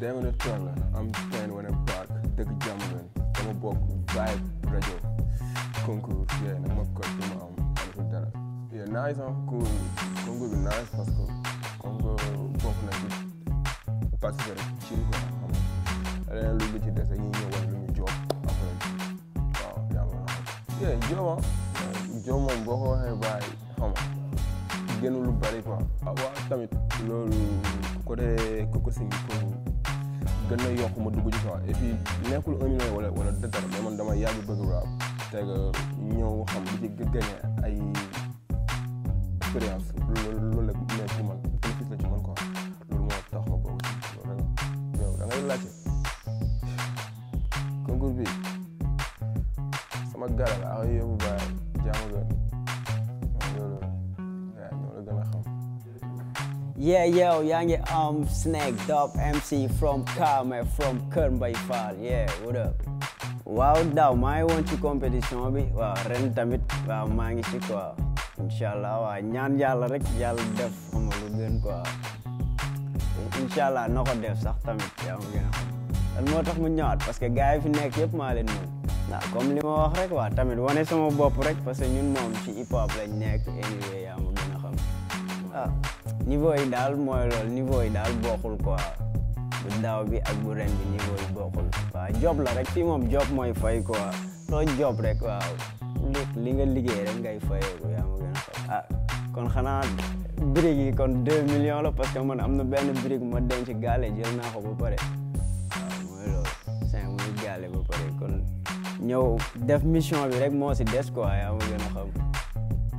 Demona you am steen wona park dëkk Diamaguène dama bokk vibe rajo concours yee nag ma coach bi ma am am ko dara yee nice ah cool concours bi nice parce que comme que bokk nañ ci parce que ci ko xam leneen lu lu ci ñëw wala lu ñu job après waaw yaa ma xam yee job ah job moom boo ko waxee bàyyi xam génn lu bari quoi waaw tamit loolu côté koko gën na yokk ma dugg ci quoi et nekkul un million wala wala man dama yàgg bëgg rap te ñëw xam di ci gagné ay expérience loolu la nekk ci man bénéfice la ci man quoi loolu moo tax ma boobu loolu la yow da bi sama gàllankoor yow bu baax. yeah yow yaa ngi am Snake Dop MC from Kaame from Kër Mbay Fall yeah what up waaw daaw maa ngi woon ci compétition bi waa ren tamit waaw maa ngi ci quoi incha allah waaw ñaan yàlla rek yàlla def ama gën quoi incha allah na ko def sax tamit yaa ngi gën a xam moo tax mu ñëwaat parce que gars yi fi nekk yëpp maa leen moom waaw comme li wax rek waaw tamit wane sama bopp rek parce que ñun moom ci hip hop nekk anyway yaa ma gën a xam niveau yi daal mooy loolu niveau yi daal bokkul ko bu daaw bi ak bu ren bi niveau yi bokkul waaw job la rek fii moom job mooy fay quoi soo job rek waaw li li nga liggéey rek ngay fayeeku yaa ma gën a fay ah kon xanaa brique yi kon deux million la parce que am na benn brique ma denc gaale jël naa ko ba pare waaw mooy loolu cinq muy gaale ba pare kon ñëw def mission bi rek moo si des quoi yaa ma gën a xam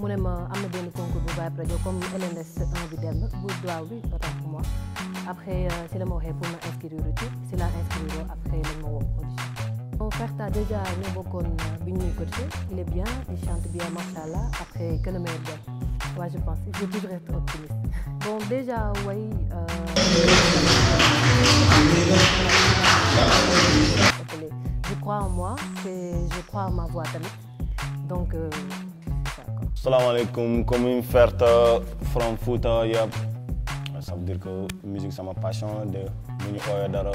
mu ne ma am na benn concours bu Vibe Radio comme est en bi dem bu daaw bi autant pour moi après euh, c'est la ma waxee pour ma inscrire tout c'est la inscrire après le ma woo audition. Mon frère t'a déjà ñu bokkoon bi ñuy coaché il est bien il chante bien macha allah après que le meilleur bien. moi je pense je faut toujours être optimiste bon déjà oui. euh... je crois en moi et je crois en ma voix donc. Euh, Salam alaikum, comme from yep. Ça veut dire que la musique c'est ma passion, de mon oeil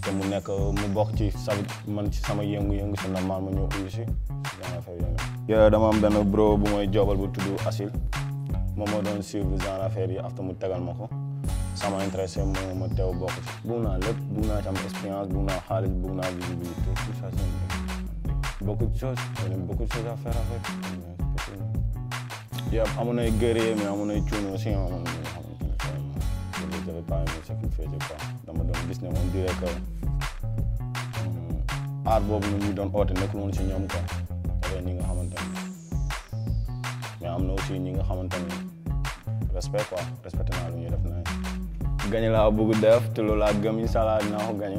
que mon nez, mon bord, tu man, Je suis ma peu plus c'est normal, mon yoku ici. un dama am ben bro bu moy jobal bu tuddu Asil. don suivre affaire après after mu tagal mako. Ça m'a intéressé mo mo tew bok. Bu na lepp, bu na un expérience, bu na xaaliss, bu na visibilité, tout beaucoup de choses, beaucoup de choses à faire avec. yëpp amoon ay guerrier mais amoon ay cuune aussi amoon na ñoo xamante ne vraiment loolu j'avais pas aimé boobu ñun ñu doon oote nekkul woon si ñoom quoi dafay ñi nga xamante ne mais am na aussi ñi nga xamante ne respect quoi respecté naa lu ñuy def na gañe laa def te loolu laa gëm incha allah dinaa